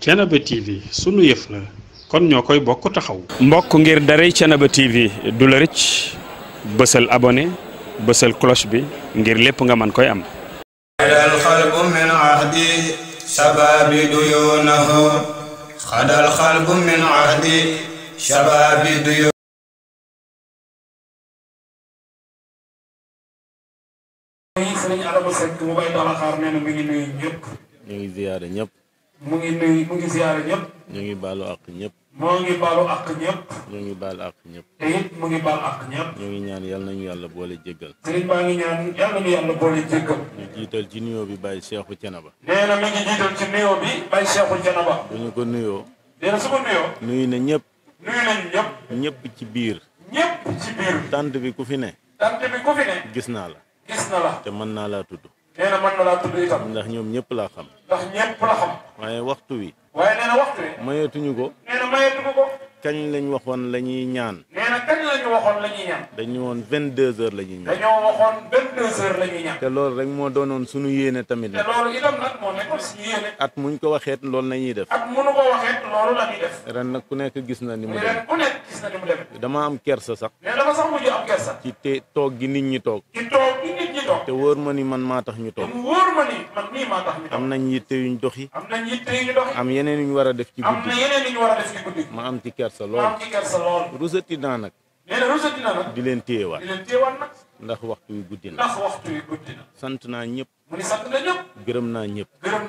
Thiénaba TV sunu yëf la kon ñoo koy bokk taxaw. mbokk ngir daray Thiénaba TV du la rëcc bësal abonné cloche bi ngir lépp nga mën koy am. xadal mu ngi nuyu mu ngi ziyaare ñëpp. ñu ngi baalu àq ñëpp. moo ngi baalu àq ñëpp. ñu ngi baalu àq ñëpp. mu ngi baal àq ñëpp. ñu ngi ñaan yal nañu yàlla boole jéggal. sëriñ baa ngi ñaan yal nañu yàlla boole jéggal. ñu jiital ci nuyoo bi bàyyi Seexu Canaba. nee na mi ngi jiital ci nuyoo bi bàyyi Seexu Canaba. bu ñu ko nuyoo. nee na su ko nuyoo. nuyu na ñëpp. nuyu nañ ñëpp. ñëpp ci biir. ñëpp ci biir. tànt bi ku fi ne. tànt bi ku fi ne. gis naa la. te mën naa laa tudd. nee na ma laa tudd itam. ndax ñoom ñëpp laa xam. waaye waxtu wi. waaye nee waxtu wi. mayeetuñu ko. nee mayeetuñu ko. kañ lañ waxoon la ñuy ñaan. nee dañu woon vingt deux heures la ñuy ñaan. te loolu rek moo doonoon suñu yéene tamit nag. te loolu itam nag moo nekkoon suñu yéene. at muñ ko waxeet loolu la ñuy def. at muñu ko waxeet loolu la ñuy def. ren ku nekk gis na ni mu. ren ku nekk gis na ni mu demee. dama am kersa sax. nee dafa sax mujj am kersa. ci te toog gi nit ñi toog. te wóor ma ni man maa tax ñu toog am nañ yitte yuñ doxi am doxi am yeneen yu ñu war a def ci guddi ma am ci kersa lool ci kersa lool rusati naa nag di leen téyewaat di nag ndax waxtu yu guddi na sant naa ñépp gërëm naa ñëpp gërëm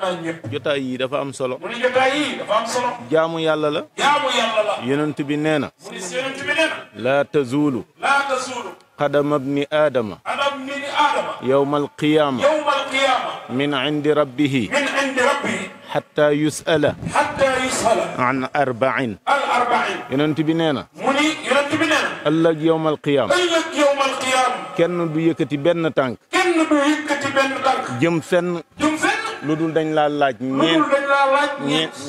naa yi dafa am solo mu ni jotaay yi dafa am solo jaamu yàlla la jaamu yàlla la bi nee na mu laa tazuulu قدم ابن آدم قدم ابن آدم يوم القيامة يوم القيامة من عند ربه من عند ربه حتى يسأل حتى يسأل عن أربع عن أربع يننت بنينا مني يننت بنينا ألق يوم القيامة ألق يوم القيامة كن بيكتي بن تانك كن بيكتي بن تانك جم فن جم فن لودول دنج لا لاج نين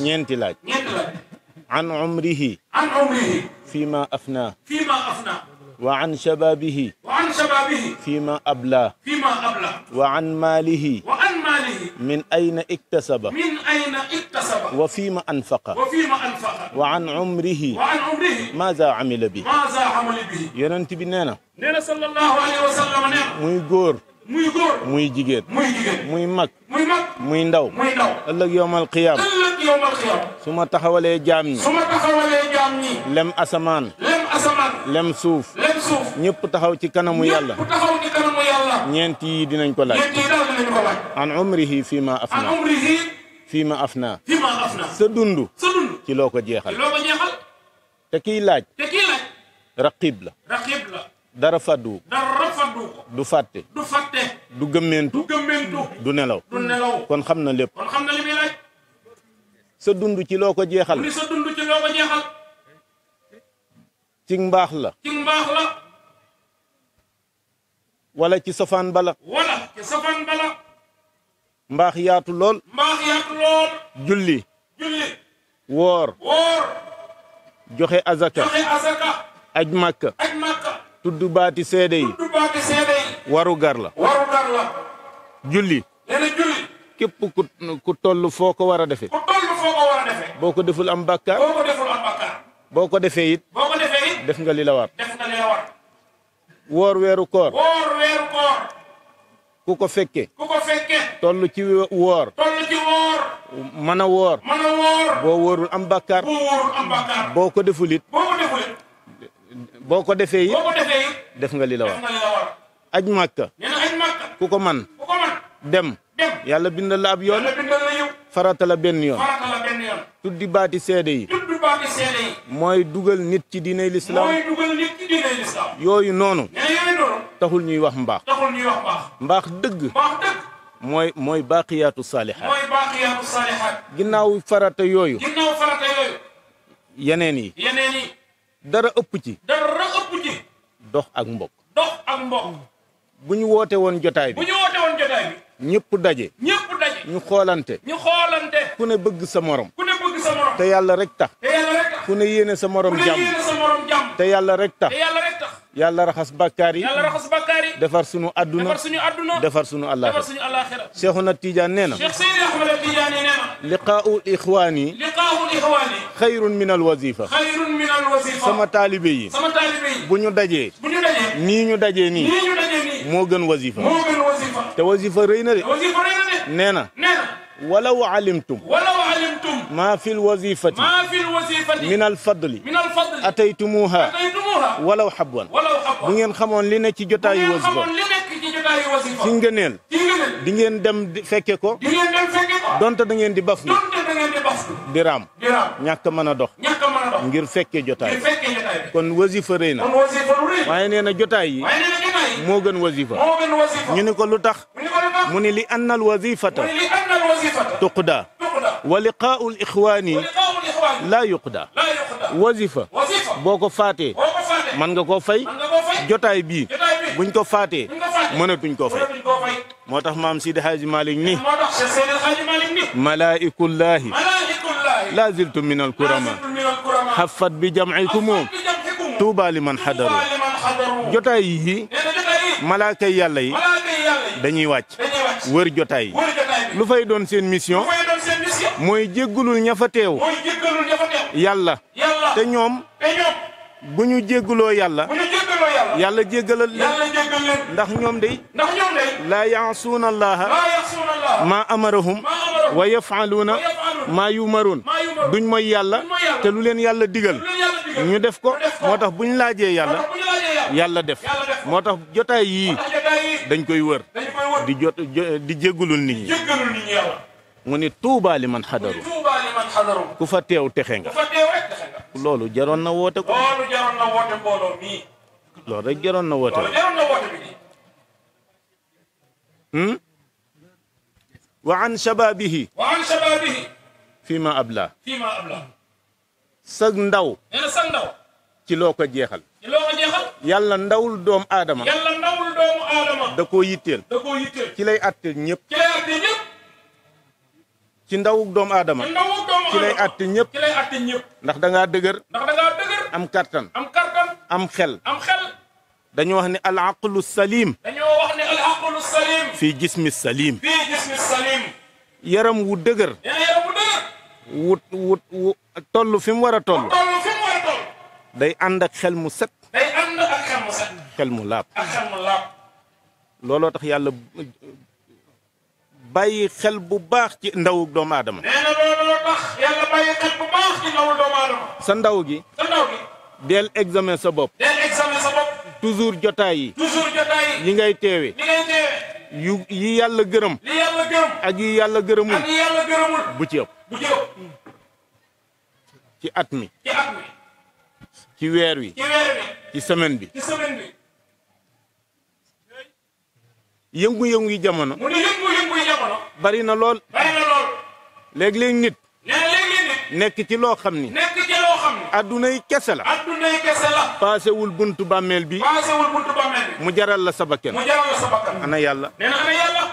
ñeenti laaj. ñeenti laaj. an umrihi. an umrihi. fii ma afnaa. fii ma afnaa. wa an shababihi wa an shababihi fima abla fima abla wa an malihi wa an malihi min ayna iktasaba min ayna iktasaba wa fima anfaqa wa fima anfaqa wa an umrihi wa an umrihi maza amila bi maza amila bi yonent bi nee na nee na sallallahu alayhi wa sallam nee na muy góor muy góor muy jigéen muy jigéen muy mag muy mag muy ndaw muy ndaw ëllëg yowmal qiyaama su ma taxawalee jaam ñi. su lem asamaan. lem suuf. ñépp taxaw ci kanamu yàlla. ñëpp ñeent yi dinañ ko laaj. ñeent yi daal dinañ fii ma afna. an umrihi. dund. ci loo ko jeexal. ci te kiy laaj. te raqib la. raqib dara fàddu. dara du fàtte. du fàtte. du gëmmeentu. du gëmmeentu. nelaw. kon xam na lépp. sa dund ci loo ko jeexal. mu ci mbaax la. ci mbaax la. wala ci safaan bala. wala ci mbaax yaatu lool. mbaax yaatu lool. julli. woor. woor. joxe azaka. aj màkka. aj màkka. baati seede yi. tudd waru gar la. waru gar julli. nee julli. képp ku ku toll foo ko war a defee. boo ko deful am bàkkaar boo ko deful defee it def nga li la war def woor weeru woor weeru ku ko fekke ku ci woor toll ci woor mën a woor mën boo wóorul am bàkkaar boo ko deful boo ko deful def nga li la war def aj màkka ku ko man dem dem yàlla bindal la ab yoon farata benn yoon tuddi baati seede yi. mooy dugal nit ci diiney lislaam. mooy dugal yooyu noonu. mais yooyu noonu. taxul ñuy wax mbaax. taxul mbaax. dëgg. mooy mooy baaqiyaatu saalihaat. ginnaaw farata yooyu. ginnaaw farata yooyu. yeneen yi. dara ëpp ci. dara ëpp ci. dox ak mbokk. dox ak mbokk. bu ñu woote woon jotaay bi. bu ñëpp daje. ñëpp daje. ñu xoolante. ñu xoolante. ku ne bëgg sa morom. te yàlla rek tax ku ne yéene sa morom jàmm te yàlla rek tax yàlla raxas bàkkaar yi defar sunu adduna defar sunu àllaaxira Cheikhuna Tidiane nee na liqaa'ul ixwaani xayrun min alwazifa sama taalibe yi bu ñu dajee nii ñu dajee nii moo gën wazifa te wazifa rëy na de nee na walaw alimtum ما في الوظيفة ما في الوظيفة من الفضل من الفضل أتيتموها أتيتموها ngeen xamoon li nekk ci jotaayu wasifa ci ngëneel di ngeen dem fekke ko donte da ngeen di baf lu di raam ñàkk mën a dox ngir fekke jotaay kon wasifa rëy na waaye nee na jotaay yi moo gën wasifa ñu ni ko lu tax mu ni li annal wasifata tuqda wa liqaa'ul ixwaani yuqda wazifa boo ko faatee mën nga koo fay jotaay bi buñ ko faatee mënatuñ koo fay moo tax maam Sidi Hadji Malick ni malaa'ikullaahi laa ziltu min alkurama xafat bi jamcikumoo tuuba li man xadaru jotaay yi malaaka yàlla yi dañuy wër jotaay lu fay doon seen mission mooy jéggalul ña fa yàlla. te ñoom. bu ñu jéggaloo yàlla. yàlla. yàlla jéggalal ndax ñoom day. ndax ñoom day. laa yaasuuna allaha. laa yaasuuna maa amarahum. wa yafaluuna. maa yumaruun. maa yumaruun. duñ yàlla. te lu leen yàlla digal. ñu def ko moo tax bu ñu laajee yàlla. yàlla def moo tax jotaay yii dañ koy wër di jot di jéggulul nit ñi mu ni tuubaa li fa teew texe nga loolu jaroon na jaroon na woote mbooloo mi loolu hmm? wa an shababihi fii ma abla fii ma ndaw ci looko ko jeexal ci yàlla ndawul doomu aadama yàlla ndawul doomu da koo yitteel ci ndawu doomu aadama ci lay àtte ñëpp ci ndax da dëgër am kattan am xel am xel dañoo wax ne al aqlu salim dañoo wax ne jismi salim yaram wu dëgër yaram wu dëgër wut wut wu toll fi mu war a toll toll day ànd ak xel mu set day xel mu laab ak xel mu laab looloo tax yàlla bàyyi xel bu baax ci ndawu doomu aadama. nee na loolu tax yàlla bàyyi xel bu baax ci ndawu doomu aadama. sa ndaw gi. sa ndaw gi. del examen sa bopp. del examen sa bopp. toujours jotaay yi. yi. ngay teewe. yi yàlla gërëm. li yàlla gërëm. ak yi yàlla gërëmul. bu ci ëpp. bu ci ëpp. ci at mi. ci weer wi. ci weer wi. ci semaine bi. yëngu-yëngu yi jamono. mu ne yëngu-yëngu bari na lool. bari na lool. léeg-léeg nit. nee léeg nekk ci loo xam ni. nekk ci loo xam ni. adduna yi kese la. paasewul buntu bàmmeel bi. paasewul jaral la sa bakkan. mu jaral la sa bakkan. na ana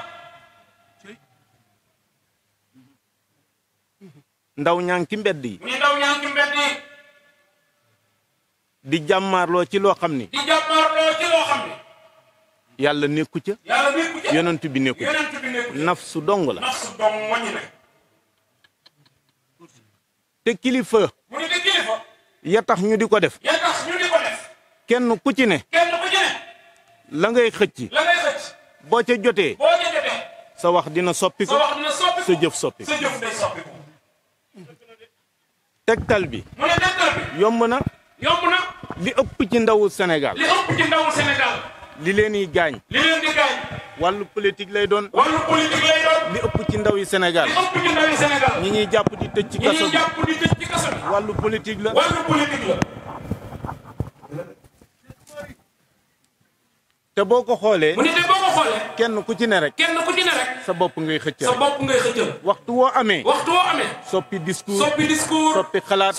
ndaw ñaa ngi ci mbedd ndaw ñaa ngi ci di jàmmaarloo loo ci loo xam ni. yàlla nekku ca. yàlla bi nekku ca. nafsu dong la. te kilifa. ya tax ñu di ko def. kenn ku ci ne. la ngay xëcc. boo ca jotee. boo sa wax dina soppi ko. sa wax jëf soppi ko. tegtal bi. yomb na. yomb na. li ëpp ci ndawu senegal li leen di gaañ. li leen di gaañ. wàllu politique lay doon. wàllu li ëpp ci ndaw yi Sénégal. ñi ñuy jàpp di tëj ci kaso bi ñi jàpp di tëj ci kaso bi. wàllu politique la. te boo ko xoolee. mu ne boo ko xoolee. kenn ku ci ne rek. kenn ku sa bopp ngay xëccal. sa bopp ngay xëccal. waxtu woo amee. waxtu woo amee. soppi discours. soppi xalaat.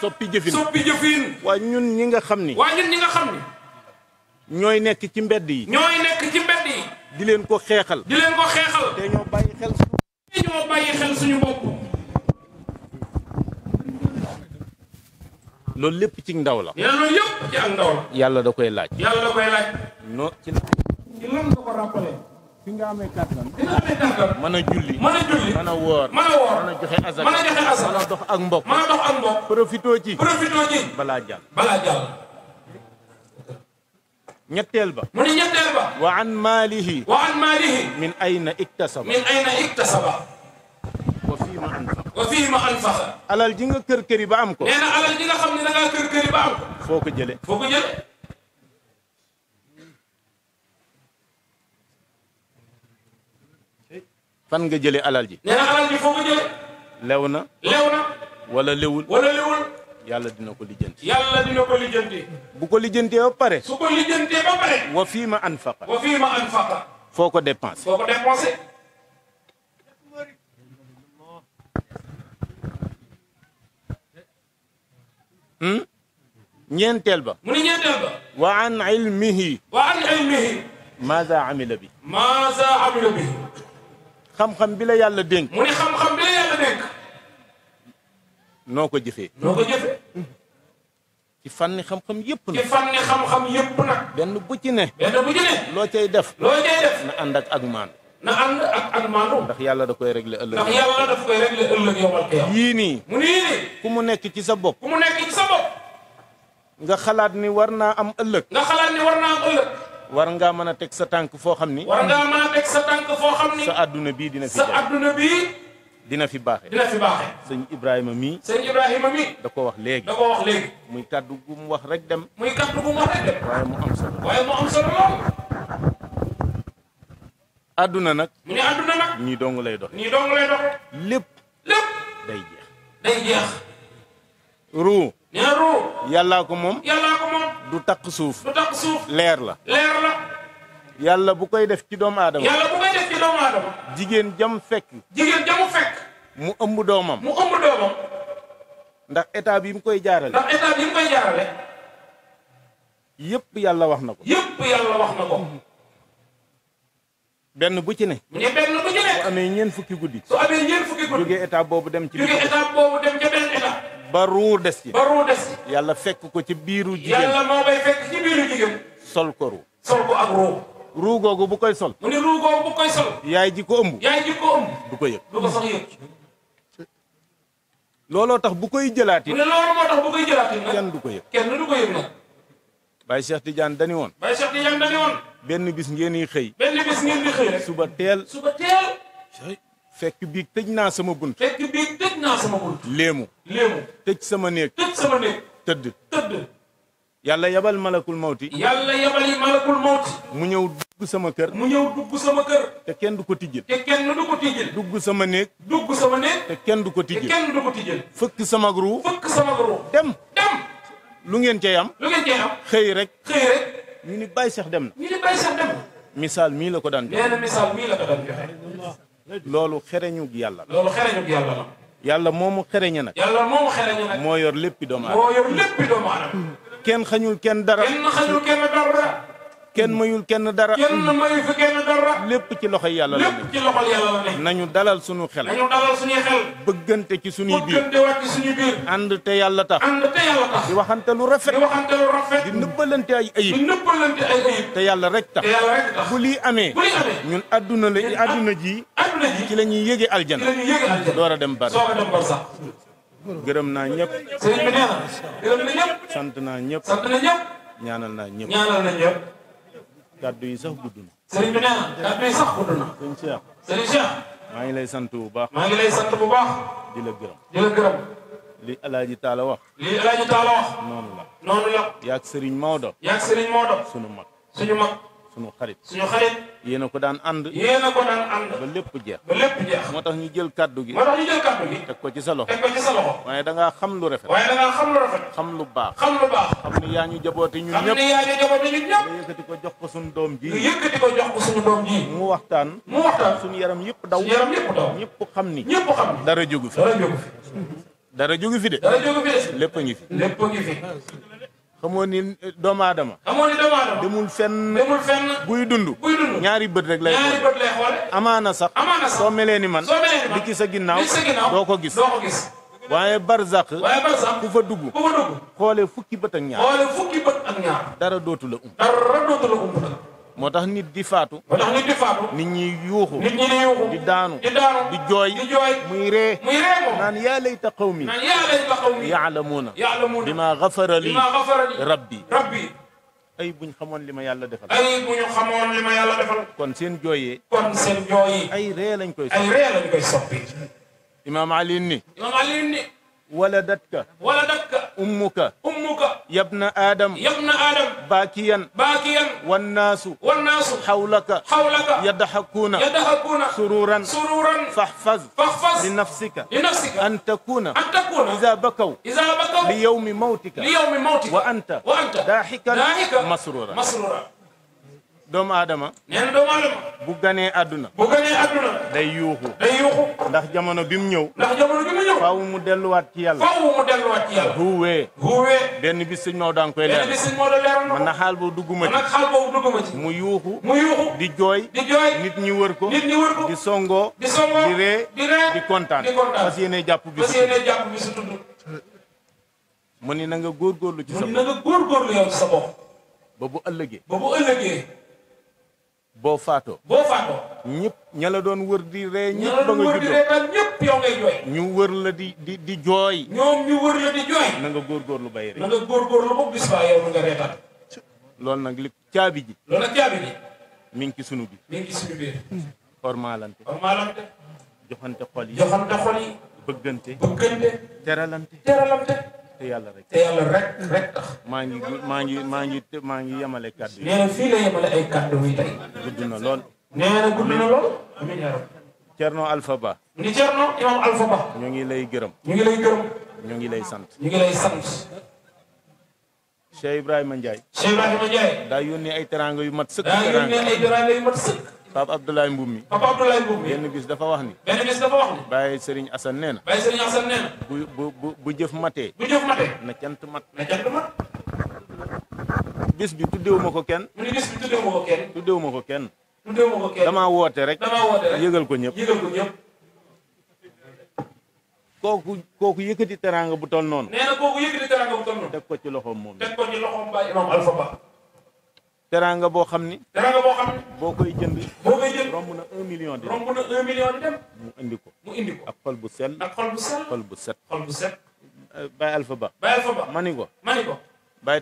soppi jëfin. ñun ñi nga xam ni. waa ñun ñi nga xam ni. ñooy nekk ci mbedd yi. ñooy nekk ci mbedd yi. di leen ko xeexal. di leen ko xeexal. te ñoo bàyyi xel suñu. te loolu lépp ci ndaw la. yàlla da koy laaj. yàlla da a julli. mën a julli mën a woor. mën a joxe asaka. mën a joxe asaka mën a dox ak mbokk. profitoo ci. balaa jàll. balaa jàll. ñetteel ba mu ne ñetteel ba wa maalihi wa maalihi min ayna iktasaba wa fii ma anfaqa wa fii ma anfaqa alal nga kër ba am ko nee na nga xam ne da ngaa kër këri ba am ko foo ko jële foo jële fan nga jële alal ji nee wala lewul yàlla dina ko lijjanti. yàlla dina ko lijjanti. bu ko lijjantee ba pare. su ko lijjantee ba pare. wa fii ma anfaqa. wa fii ma anfaqa. foo ko dépensé. foo ko dépensé. Hmm? ñeenteel ba. mu ne ñeenteel ba. wa an ilmihi. wa an ilmihi. maaza amila bi. maaza amila bi. xam-xam bi la yàlla dénk. mu ne xam-xam bi la yàlla dénk. noo ko jëfee. ko jëfee. ci fànni xam-xam yëpp nag. xam-xam yëpp nag. benn bu ci ne. loo cay def. loo na ànd ak ak maandu. na ànd ak ak maandu. ndax yàlla da koy régler ëllëg. yii nii. mu nii nii. ku mu nekk ci sa bopp. ku mu nekk ci sa bopp. nga xalaat ni war naa am ëllëg. nga xalaat ni war naa am ëllëg. war ngaa mën a teg sa tànk foo xam ni. war sa tànk bii dina fi sa àdduna bii. dina fi baaxee dina fi baaxee sëñ Ibrahima mii sëñ Ibrahima mii da ko wax léegi da ko wax léegi muy kàddu gu mu wax rek dem muy kàddu gu mu wax rek dem waaye mu am solo waaye mu am solo lool àdduna nag mu ne àdduna nag nii dong lay dox nii dong lay dox lépp lépp day jeex day jeex ruu nee ruu yàllaa ko moom yàllaa ko moom du takk suuf du takk suuf leer la leer la yàlla bu koy def ci doomu aadama yàlla bu koy def doomu jigéen jam fekk. jigéen jamu fekk. mu ëmb doomam. ndax état bi mu koy jaarale. ndax état yëpp yàlla wax na ko. yëpp yàlla wax na ko. benn bu ci ne. mu ne benn bu ci ne. bu amee ñeent fukki guddi. su amee ñeent fukki guddi. jógee état boobu dem ci. benn état. ba ruur des ci. ba yàlla fekk ko ci biiru jigéen. yàlla moo bay fekk ci biiru jigéen. sol ko ruur. sol ko ak ruur. ruu googu bu koy sol. mu ne ruu googu bu koy sol. yaay ji ko ëmb. yaay ji ko ëmb. du ko yëg looloo tax bu koy jëlaat it. mu ne loolu moo tax bu kenn du ko yëg kenn du ko yëg nag. Baye Cheikh Tidiane dani woon. Baye benn bis ngeen di xëy. suba teel suba teel. fekk biig tëj naa sama bunt. fekk biig sama bunt. léemu. léemu tëj sama néeg. tëj sama néeg. tëdd. yàlla yabal malakul mawti yàlla yabal mu ñëw dugg sama kër mu ñëw dugg sama kër te kenn du ko tijjel te kenn du ko tijjel dugg sama néeg dugg sama néeg te kenn du ko tijjel fëkk sama ruu dem lu ngeen cey am lu ngeen xëy rek ñu ni bàyyi sax dem na misaal mii la ko daan joxe nee na misaal mii la ko daan joxe loolu xereñug yàlla la loolu xereñug yàlla la yàlla moomu xereñe nag nag moo yor léppi doomu aadama kenn xañul kenn dara. kenn mayul kenn dara. lépp ci loxo yàlla la lépp nañu dalal suñu xel. bëggante ci suñuy biir ànd te yàlla tax. ànd waxante lu rafet. di waxante nëbbalante ay ayib. te yàlla rek tax. yàlla rek bu lii amee. ñun àdduna la àdduna ji. adduna ji ci la ñuy aljana. ci dem bar gërëm naa ñëpp. sëriñ bi na gërëm na ñëpp. sant naa ñëpp. na ñaanal naa ñëpp. ñaanal na ñëpp. kàddu yi sax gudd sëriñ bi nee sax gudd sëriñ Cheikh. maa ngi lay sant bu baax. maa ngi lay sant bu baax. di la gërëm. li Alaaji Taala wax. li Alaaji Taala wax. noonu la. noonu la. yaag sëriñ Maodo. yaag sunu mag. suñu xarit suñu xarit yéen ko daan ànd ba lépp jeex moo tax ñu jël kàddu gi moo teg ko ci sa loxo waaye da ngaa xam lu rafet xam lu baax xam ni yaa ñu jaboote ñun ñëpp ñu jaboote ñëpp nga jox ko suñu doom ji mu waxtaan mu yaram yëpp daw suñu xam ni ñëpp xam ni dara jógu fi dara jógu fi de dara fi de fi Eh, xamoo ni doomu aadama. xamoo ni demul fenn. demul fenn ñaari bët rek lay. ñaari bët lay xool amaana sax. soo melee ni man. soo li ci sa ginnaaw. li doo ko gis. doo ko waaye barzak. ku fa dugg. ku fukki bët ak ñaar. xoolee fukki dara dootu um. moo tax nit di faatu. moo tax nit di faatu. nit ñi yuuxu. nit ñi di yuuxu di daanu. di daanu di jooy. di jooy muy ree. muy ree moom naan yaa layta qawmi. naan yaa layta qawmi. yaalamuuna. yaalamuuna bimaa gafara lii. bimaa gafara lii rabbi. rabbi. ay bu ñu xamoon li ma yàlla defal. ay bu ñu xamoon li ma yàlla defal. kon seen jooyee. kon seen jooyee. ay ree lañ koy soppi. ay ree lañ koy soppi. imaam Ali ni. imaam Ali ni. waladatka. waladatka. ummuka. ummuka. yabna Adam. yabna Adam. baakiyan. baakiyan. wannaasu. wannaasu. xawlaka. xawlaka. yadaxakuuna. yadaxakuuna. suruuran. suruuran. faxfaz. faxfaz. li nafsika. li nafsika. an takuuna. an takuuna. izaa bakaw. izaa bakaw. li yawmi mawtika. li yawmi mawtika. wa anta. wa anta. daaxikan. daaxikan. masruuran. masruuran. doomu aadama nee na àdduna bu day yuuxu day yuuxu ndax jamono bi mu ñëw ndax mu delluwaat ci yàlla faaw mu delluwaat ci yàlla huwee huwee benn bis sëñ Maodo daan koy man na xaal boobu dugguma ci man na xaal mu yuuxu di jooy nit ñi wër nit ñi wër di songoo di ree di ree di kontaan di kontaan fas yéene jàpp bisu yéene jàpp bisu tudd mu ni na nga góorgóorlu ci sa ba bu ëllëgee ba bu ëllëgee boo faatoo. boo faatoo. ñëpp ña la doon wër di ree. ñëpp ba nga juddoo ñëpp yow ngay jooy. ñu wër la di di di jooy. ñoom ñu wër la di jooy. na nga góorgóorlu bay rek. na nga góorgóorlu ba bis baa yow nga reetaan. loolu nag li caabi ji. loolu nag caabi ji. mi ngi ci sunu bi. mi ngi ci sunu biir. formaalante. formaalante. joxante xol yi. joxante xol yi. bëggante. bëggante. teralante. teralante. te yàlla rek te maa ngi maa ngi maa ngi yemale kàddu yi. nee na fii la ay kàddu yi tey. gudd na lool. nee gudd na lool. Cerno Alpha ni Cerno Imam Alpha ñu ngi lay gërëm. ñu ngi lay gërëm. ñu ngi lay sant. ñu ngi lay sant. Cheikh Ibrahima Ndiaye. Cheikh daa yónnee ay teraanga yu mat mat sëkk. Pape Abdoulaye Mboum mi Pape Abdoulaye Mboum mi benn bis dafa wax ni benn bis dafa wax ni Baye Serigne Assane bu jëf matee na cant mat bis bi tuddewuma ko kenn mu tuddewuma ko kenn tuddewuma woote rek damaa ko ñëpp yëgal ko ñëpp kooku kooku teraanga bu toll noonu teg ko ci loxoom moom teg ko ci loxoom Baye Imam Alpha teraanga boo xam ni. teraanga boo koy jënd. romb na un million dem mu indi ko ak xol bu sell. ak xol bu sell xol bu set. xol bu set. Euh, baye mani ko. mani ko. Baye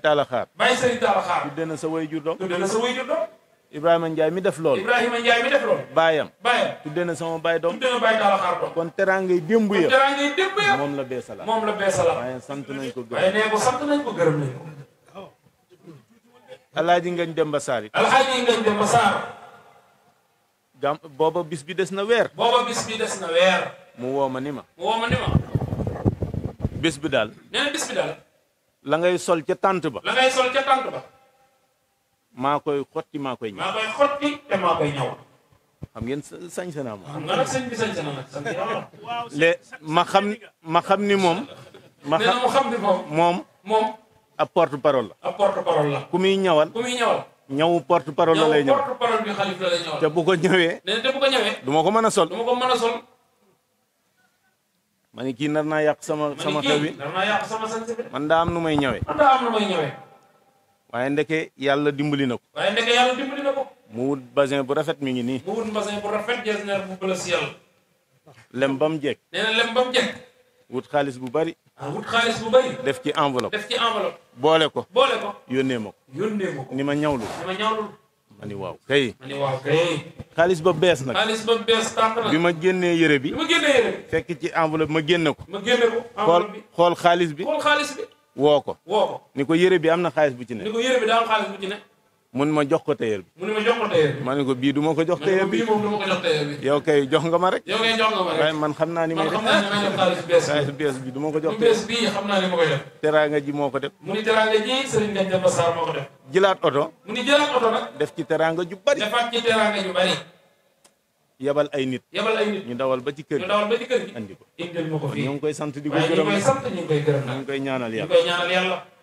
na sa wayjur doom. tuddee na sa mi def loolu. Ibrahima Ndiaye mi def loolu. Baayam. Baayam na sama baay doom. kon teraangay démb ya. moom la beesalaat. moom la beesalaat. waaye sant nañ ko gërëm. waaye nañ ko. alaaji ngañ demba saar it alaaji ngañ demba saar booba bis bi des na weer booba mu woo ma ni ma mu woo ni ma bis bi daal nee bis bi daal la ngay sol ca tànt ba maa koy xotti maa koy ñëw maa xotti te maa koy ñëw xam ngeen sañ sa moom xam ma xam ma xam ni moom ma xam ni moom ab porte parole la. ab porte la. ku ñaw porte parole la lay ñëw. porte parole bi bu ko ñëwee. nee te bu ko ñëwee. du ma ko mën a sol. du ma ko mën a sol. ma ne kii nar na yàq sama sama xew bi man daa am nu may ñëwee. man daa am nu may ñëwee. waaye ndeke yàlla dimbali na ko. waaye mu wut basin bu rafet mi ngi nii. mu wut basin bu rafet jees na bu bële lem ba mu jekk. lem ba mu wut xaalis bu bari. wut xaalis bu bëri. def ci enveloppe boole ko boole ko. ni ma ñawlu. ni ma ñawlu. ma kay. xaalis ba bees nag. na. bi ma génnee yére bi. fekk ci enveloppe ma génne ko. ma génne ko xool xaalis bi. xool ko. woo ko ni ko yére bi am na xaalis bu ci ne. ni ko yére bi daa xaalis bu ci ne. mun ma jox ko tailleur bi. mun ma jox ko tailleur bi. ma ne ko bii du ma ko jox tailleur bi. moom du ma ko jox tailleur bi. yow kay jox nga ma rek. yow kay jox nga ma rek waaye man xam naa ni may def. man xam naa ni may def xaalis bees bi du ma ko jox. bu bees bii xam naa ni ma ko def. teraanga ji moo ko def. mu ni teraanga ji Serigne Gandia Bassar moo ko def. jëlaat oto. mu ni jëlaat oto nag. def ci teraanga ju bari. defaat ci teraanga ju bari. yabal ay nit. yabal ay nit ñu dawal ba ci kër gi ñu dawal ba ci kër gi. andi ko indil ma ko fii. ñu ngi koy sant di ko gërëm ñu ngi koy sant ñu ngi koy gërëm ñu ngi koy ñaanal yàlla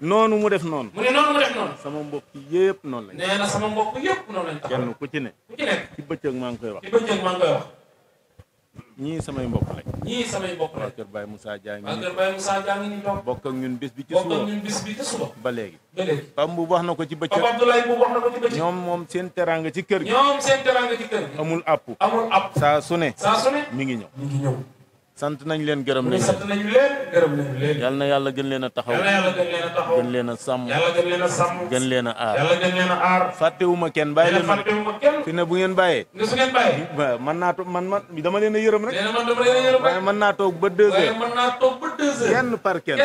noonu mu def noonu. mu ne noonu mu sama mbokk yëpp noonu lañ. nee na sama mbokk yëpp noonu lañ. kenn ku ci ne. ku maa ngi koy wax. ci bëccëg maa wax. ñii samay mbokk lañ. ñii samay mbokk lañ. waa Kër Baye Moussa Dia. waa ñu toog. ñun bis bi ci ba léegi. ba léegi wax na ko ci bëccëg. ñoom moom seen teraanga ci kër gi. ñoom seen teraanga ci kër amul àpp. amul àpp. ne. saa mi ngi ñëw. mi ngi ñëw. sant nañ leen gërëm nañ sant nañu leen gërëm nañu leen. yal na yàlla gën leen a taxaw na yàlla gën leen a taxaw gën leen a sàmm yàlla aar yàlla gën leen a aar kenn bàyyi leen ma fi ne bu ngeen bàyyee ne man naa toog man man dama leen a yërëm a mën naa toog ba deux heures mën par kenn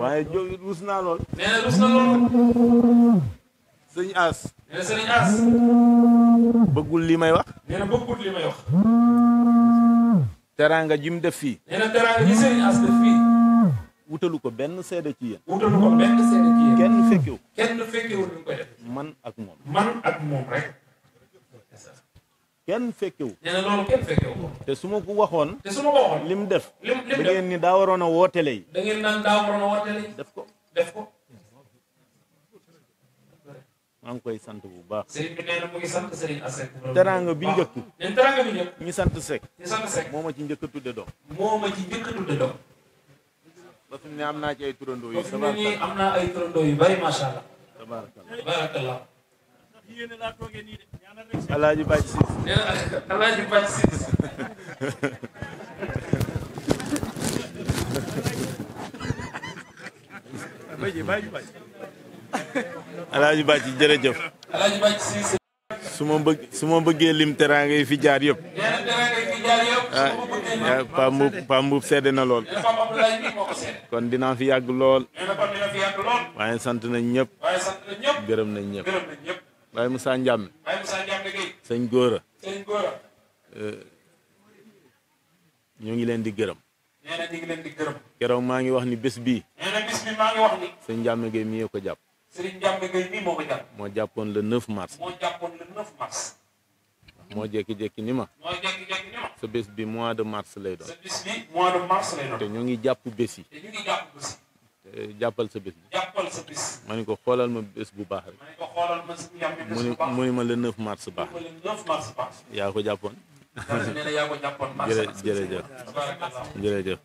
waaye jo lool sëñ As. nee na sëñ li may wax. may wax. ji mu def fii. def ko benn seede ci yéen. wutalu ko ko def. man ak moom. man te su ma ko waxoon. te def. li def da ngeen ni daa waroon a wootele yi. da ngeen daa waroon a wootele yi. maa koy sant bu baax. sëriñ bi nee na mu sant sëriñ ci njëkk a tudde am naa ci ay turandoo yu. tabaar ba allah. tabaar kàlla Siis. alaaji bàcc jërëjëf. suma bàcc bëggee lim teraanga yi fi jaar yëpp. nee na teraanga ah, na lool. kon dinaa fi yàgg lool. waaye sant nañ ñëpp. nañ ñëpp. gërëm nañ ñëpp. gërëm nañ ñëpp. waaye Moussa Ndiame. sëñ Gora. sëñ eh, ngi leen di gërëm. nee na ñu maa ngi wax ni bés bi maa ngi wax ni. ko jàpp. moo jàppoon le 9 mars. moo jàppoon le ni ma. sa bés bi mois de mars lay doon. te ñu ngi jàpp bés yi. te ñu ngi jàppal sa bés bi. ma ne ko xoolal ma bés bu baax rek. ma mu ni ma le 9 mars baax. mu yaa ko jàppoon. yaa ko jàppoon mars. jërëjëf jërëjëf.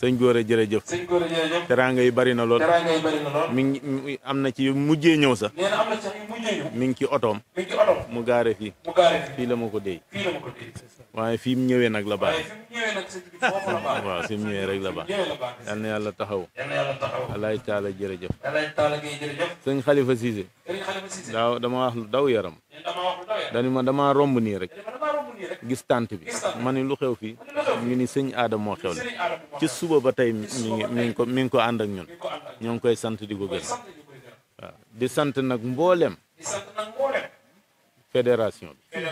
sëñ Gora jërëjëf. sëñ Gora jërëjëf. teraanga yi bari na lool. teraanga yi am na ci mujjee ñëw sax. mi ngi ci otoom. mu gaare la ma ko dee. fii mu ñëwee nag la baax. mu ñëwee rek la yàlla taxaw. yal na yàlla Xalifa Cissé. dama wax daw yaram dañu ma damaa romb nii rek gis tànt bi ma ni lu xew fii ngi ni sëñ aadam moo xew la ci suba ba tey mi ngi ko mi ngi ko ànd ak ñun ñoo ngi koy sant di ko gën waaw di sant nag mbooleem fédération bi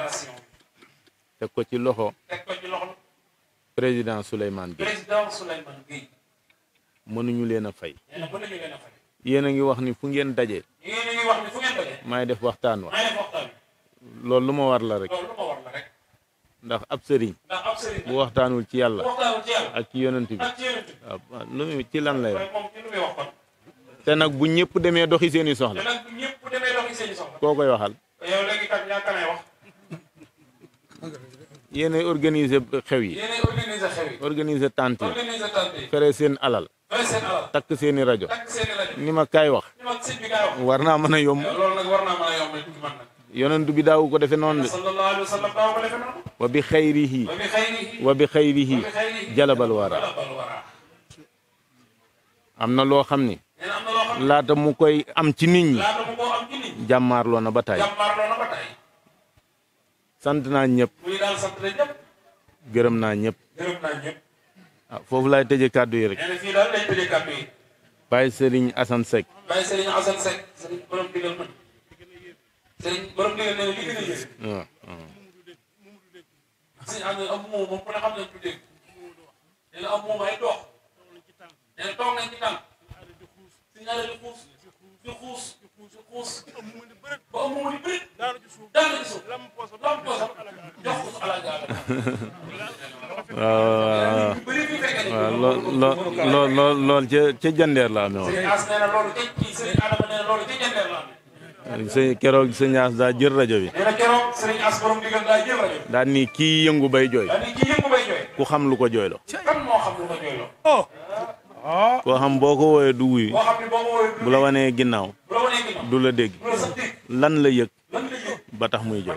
teg ko ci loxo président Souleymane Gueye mënuñu leen a fay yéen a ngi wax ni fu ngeen daje maay def waxtaan wa loolu lu ma war la rek. ndax ab sëriñ. bu waxtaanul ci yàlla. ak ci yonant bi. waaw ah, ah, ci lan lay wax. te nag bu ñépp demee doxi seen i soxla. koo koy waxal. yéenay organise xew yi. organise tant yi. fere seen alal. takk seeni i rajo. ni ma kaay wax. war naa mën a yomb. yonent bi daawu ko defe noonu de wa bi xayrihi wa bi xayrihi jalabal wara am na loo xam ni laata mu koy am ci nit ñi jàmmaarloo na ba tàyyi sant naa ñëpp gërëm naa ñëpp ah foofu laay tëjee kàddu yi rek sëriñ borom dégg na lool ca ca jandeer la amee woon. sëñ keroog sëñ daa jël rajo bi. nee na daan ni kii yëngu bay jooy. ku xam lu ko jooyloo. ko oh. ah. xam boo ko wooyee du wuyu. bu la ginnaaw. du la dégg. lan la yëg. ba tax muy jooy.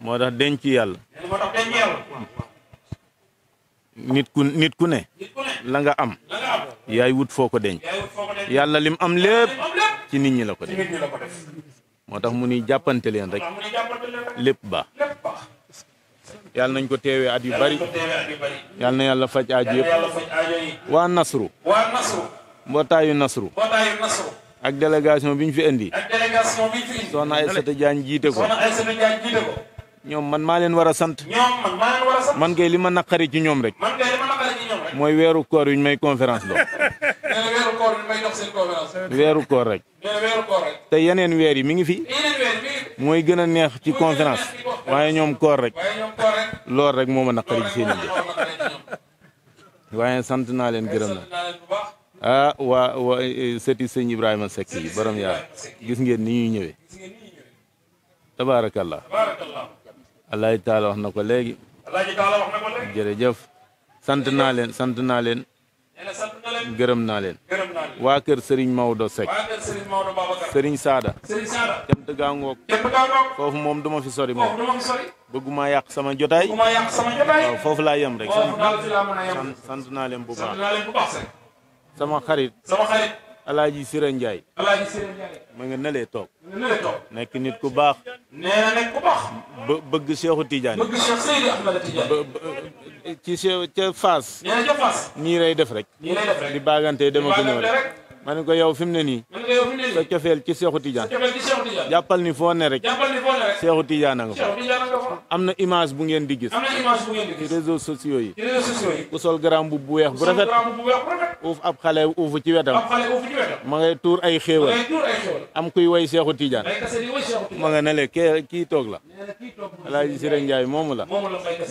moo tax denc yàlla. nit ku ne. la nga am. yaay wut foo ko denc. yàlla lim am lépp ci nit ñi la ko def moo tax mu ni jàppante leen rek lépp ba yàlla nañ ko teewee at yu bari yàlla na yàlla faj aaju yépp waa nasru mbootaayu nasru ak délégation bi ñu fi indi soxna Aïssata Diagne jiite ko ñoom man maa leen war a sant man kay li ma naqari ci ñoom rek mooy weeru koor yu may conférence lo weeru koor rek te yeneen weer yi mu ngi fi mooy gën a neex ci conférence waaye ñoom koor rek lool rek moo ma naqari ci seen waaye sant naa leen gërëm na ah waa waa sëti sëñ Ibrahima Seck yi borom yaa gis ngeen ni ñuy ñëwee tabaarakallah alaaji taala wax na ko léegi jërëjëf sant naa leen sant naa leen gërëm naa leen waa kër Serigne Maodo Seck waa kër Serigne Maodo Saada Serigne Saada cant foofu moom du ma fi sori moom bëgguma yàq sama jotaay bëgguma foofu laa yem rek sant naa leen bu sant naa leen bu baax sama xarit Alaaji Sira Ndiaye. Alaaji Sira Ndiaye. ma nit ku baax. na nekk ku baax. bëgg Seexu Tidiane. bëgg Seex ci Seex ca Faas. nee ñii lay def rek. ñii lay def rek di baagante dama ko ñëw rek. ma yow fi mu ne nii. ci Seexu Tidiane. sa ni foo ne rek. Seexu Tijaan nga fa am na image bu ngeen di gis ci réseaux sociaux yi ku sol garam bu weex bu rafet uuf ab xale uufu ci wetam ma nga tuur ay xéewal am kuy way Seexu Tijaan ma nga ne le kee kii toog la Alaaji Sire Njaay moomu la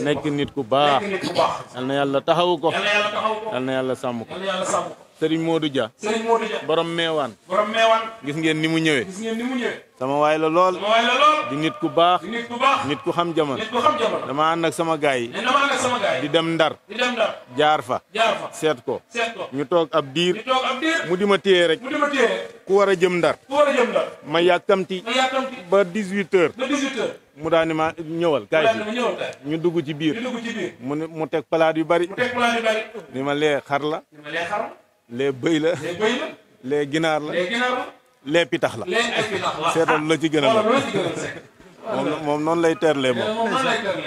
nekk nit ku baax yal na yàlla taxawu ko yal na yàlla sàmm ko Sëriñ Modou Dia borom meewaan gis ngeen ni mu ñëwee sama waay la lool di nit ku baax nit ku xam jamono nit dama ànd ak sama gaay yi di dem ndar jaar fa seet ko seet ko ñu toog ab diir mu di ma téye rek ku war a jëm ndar ma yàkkamti ba 18 heures mu daal ma ñëwal kaay ñu dugg ci biir ñu mu teg palaat yu bari mu ma lee xar la ni ma lee xar lee ginaar la lee pitax la lee ay pitax la seetal la ci gën a moom moom lay terle moom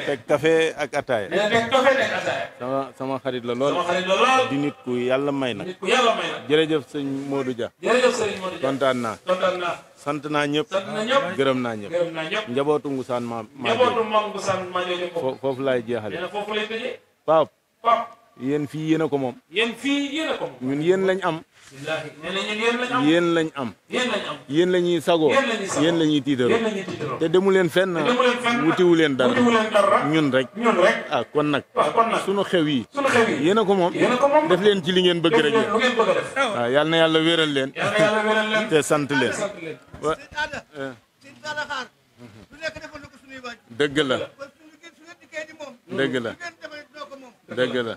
teg café ak ataaya sama xarit la lool di nit ku yàlla may nag jërëjëf sëñ Modou Dia kontaan naa sant naa ñëpp gërëm na ñëpp njabootu ngusaan ma ma foofu laay jeexale Pape yéen fii yéen a ko moom ñun yéen lañ am yéen lañ am yéen la ñuy sagoo yéen la ñuy te demu leen fenn wutiwu leen dara ñun rek ah, ah kon nag sunu xew yi yéen a ko moom def leen ci li ngeen bëgg rek waaw oh. ah, yal na yàlla wéral leen te sant leen eh. dëgg la dëgg la dëgg la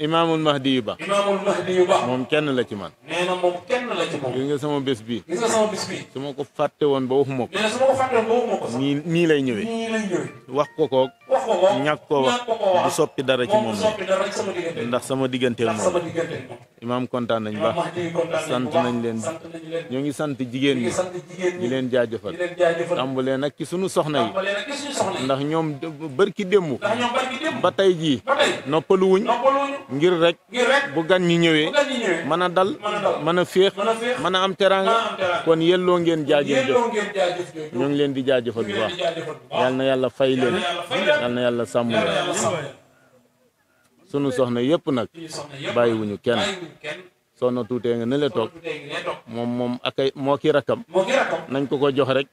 imaamul mahdi yu baax imaamul mahdi yu baax moom kenn la ci man nee sama bés bi su ma ko fàtte woon ba waxuma ko nii lay ñëwee wax ko ko wax ko wax du soppi dara ci moom ndax sama diggante ak moom imaam kontaan nañ baax sant nañ leen ñoo ngi sant jigéen ñi ñu leen jaajëfal tàmbalee nag ci suñu soxna yi ndax ñoom bërki démb ba tey jii noppalu wuñ ngir rek bu gan ñi ñëwee mën a dal man a féex man a am teraanga kon yelloo ngeen jaajëf jëf leen di jaajëfal bu baax yal na yàlla fay leen na yàlla sàmm leen sunu soxna yëpp nag bàyyiwuñu kenn soo na tuutee nga ne la toog moom moom akay moo ki rakkam nañ ko ko jox rek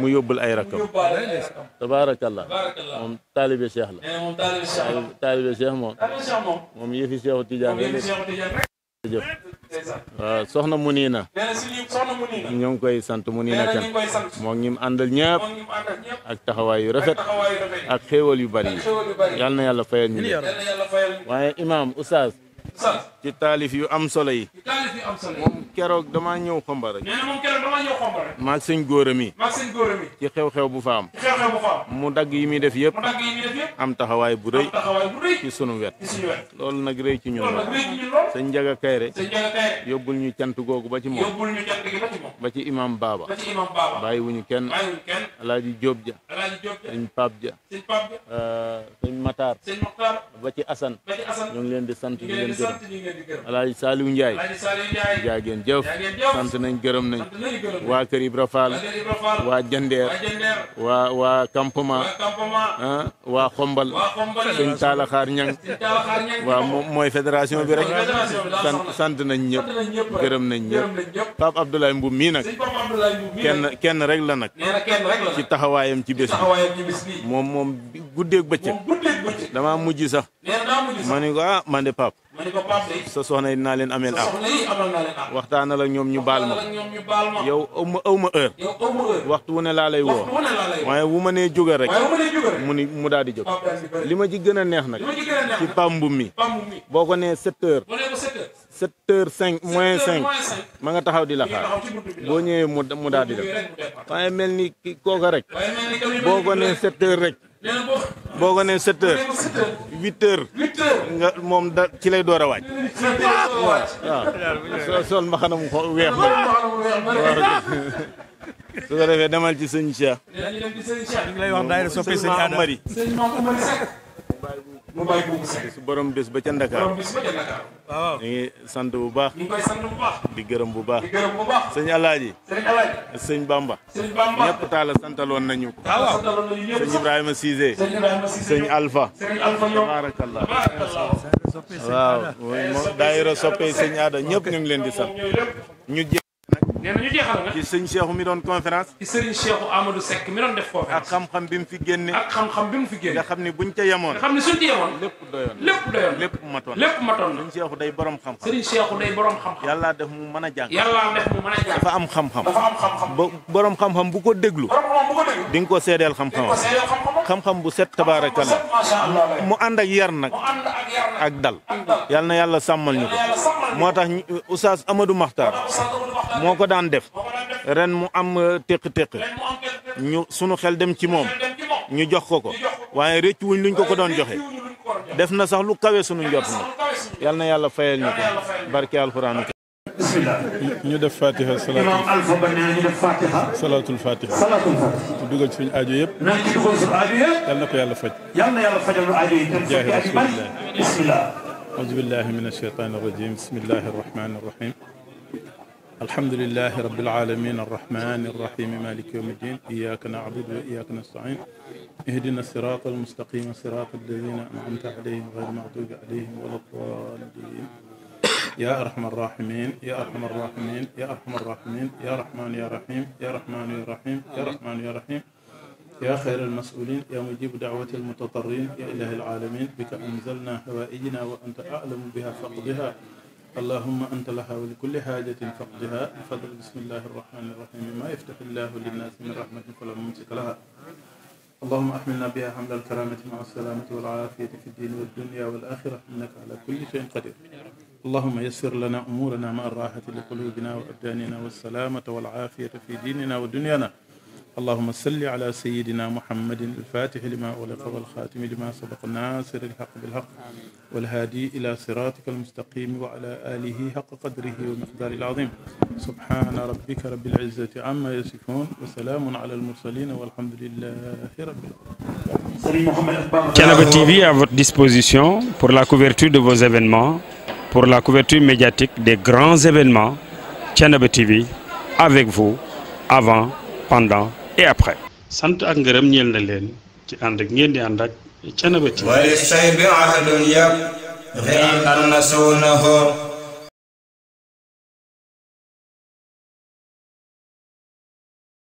mu yóbbul ay rakkam tabaarakallah moom taalibe cheikh la taalibe cheikh moom moom yëfi cheikhu tidiane jërëjëf waaw soxna mu nii na ñoo ngi koy sant mu nii kan moo ngi àndal ñëpp ak taxawaay yu rafet ak xéewal yu bari yi yal fayal ñu waaye imaam oustaz ci taalif yu am solo yi. moom keroog dama ñëw xomba rek. nee na moom sëñ góoram yi. maag sëñ ci xew-xew bu faam. mu dagg yi muy def yëpp. am taxawaay bu rëy. ci sunu wet. ci loolu nag rëy ci ñun. loolu nag rëy sëñ Njaga Kayre. yóbbul ñu cant googu ba ci moom. yóbbul imam Baaba. ba kenn. bàyyi Jóob ja. Alaaji Jóob Paap ja. sëñ Mataar. ba ci Asan. ñu leen di sant di leen gërëm alaaji Saliou Ndiaye jëf sant nañ gërëm nañ waa Kër Ibra Fall waa Jandeer waa waa ah, waa Xombal sëñ Talla Xaar Ñang mooy fédération bi rek sant nañ ñëpp gërëm nañ ñëpp Pape Abdoulaye Mboum mii nag kenn rek la nag ci taxawaayam ci bés moom moom guddeeg bëccëg damaa mujj sax ma ni ko ah man de ma ne ko soxna yi dinaa leen ameel ak. waxtaanal ak ñoom ñu baal ma. yow aw ma aw ma heure. waxtu wu ne laa lay woo. waaye wu ma nee jóge rek. mu ni mu daal di jóg. li ma ci gën a neex nag. ci pambu mi. boo ko nee sept heures. sept heures cinq moins cinq. ma nga taxaw di la xaar. boo ñëwee mu mu daal di def. waaye mel ni kooka rek. boo ko nee sept heures rek. boo ko nee 7 moom da ci lay door a waaj. waaw sol mbaxana mu weex ma su ko defee demal ci sëñ Cheikh. ñu ngi lay wax daay soppe sëñ mu bàyyi boobu sekk borom bés ba ca Ndakaar borom ngi sant bu baax ñu di gërëm bu baax di gërëm sëñ Alaaji sëñ Alaaji sëñ Bamba sëñ taala santaloon nañu ko waaw santaloon nañu sëñ Ibrahima Cissé sëñ sëñ Alpha sëñ Alpha waaw daayira soppe sëñ Aada ñëpp ñu leen di sant ñu nee na ñu mi doon conférence. ci sëriñ ak xam-xam bi mu fi génne. ak xam-xam bi mu fi génne. nga xam ni buñ ca yemoon. ca yemoon. lépp doyoon lépp doyoon lépp matoon na. sëriñ Cheikh day borom xam-xam. sëriñ Cheikh xam-xam. def mu mën a jàng. yàlla def dafa am xam-xam. dafa am xam-xam. ba borom xam bu ko déglu. borom xam-xam bu ko déglu. seedeel xam-xam. xam-xam bu set tabaarakalla mu ànd ak yar nag ak dal yàlla na yàlla sàmmal ñu ko moo tax euh, Oustaz Amadou Makhtar moo ko daan def ren mu am euh, téq-téq ñu sunu xel dem ci moom ñu jox ko ko waaye rëcc wuñ luñ ko ko doon joxe def na sax lu kawe sunu njort na yal na yàlla fayal ñu ko barke alxuraan ñu def fatiha salaatu imam alfa ba nee ñu def fatiha salaatul fatiha salaatul fatiha mu dugal ci suñu aajo yëpp nañ ci dugal suñu aajo yëpp yal na ko yàlla faj yal na yàlla fajal nu aajo yi tam bismillah auzu billahi min ashaytani rajim bismillahi rahmani alhamdulilahi rabbil alamin arrahmani irrahimi maliki yawmi ddin iyaka na'budu wa iyaka nasta'in ihdina sirata almustaqima sirata alladina an'amta alayhim ghayri maghdubi alayhim wala ddallin ya arhamar rahimin ya arhamar rahimin ya arhamar rahimin ya rahman ya rahim ya rahman ya rahim ya rahman ya rahim يا خير المسؤولين يا مجيب دعوة المتضرين يا إله العالمين بك أنزلنا هوائجنا وأنت أعلم بها فقدها allahuma anta laha wa li kulli xaajatin faqdiha bi fadl bismillahi arrahmani irrahimi ma yaftaxi llahu linnaasi min rahmatin fala mumsika laha اللهم أحملنا بها حمل الكرامة مع السلامة والعافية في الدين والدنيا والآخرة إنك على كل شيء قدير اللهم يسر لنا أمورنا مع الراحة لقلوبنا وأبداننا والسلامة والعافية في ديننا ودنيانا اللهم صل على سيدنا محمد الفاتح لما أغلق والخاتم لما سبق ناصر الحق بالحق والهادي إلى صراطك المستقيم وعلى آله حق قدره ومقداره العظيم سبحان ربك رب العزة عما يصفون وسلام على المرسلين والحمد لله رب العالمين Thiénaba TV à votre disposition pour la couverture de vos événements, pour la couverture médiatique des grands événements. Thiénaba TV avec vous avant, pendant et après. sant ak ngërëm ñeel na leen ci ànd ak ngeen di ànd ak. canaba ti wali say bi ahadun yab ri an annasuunahu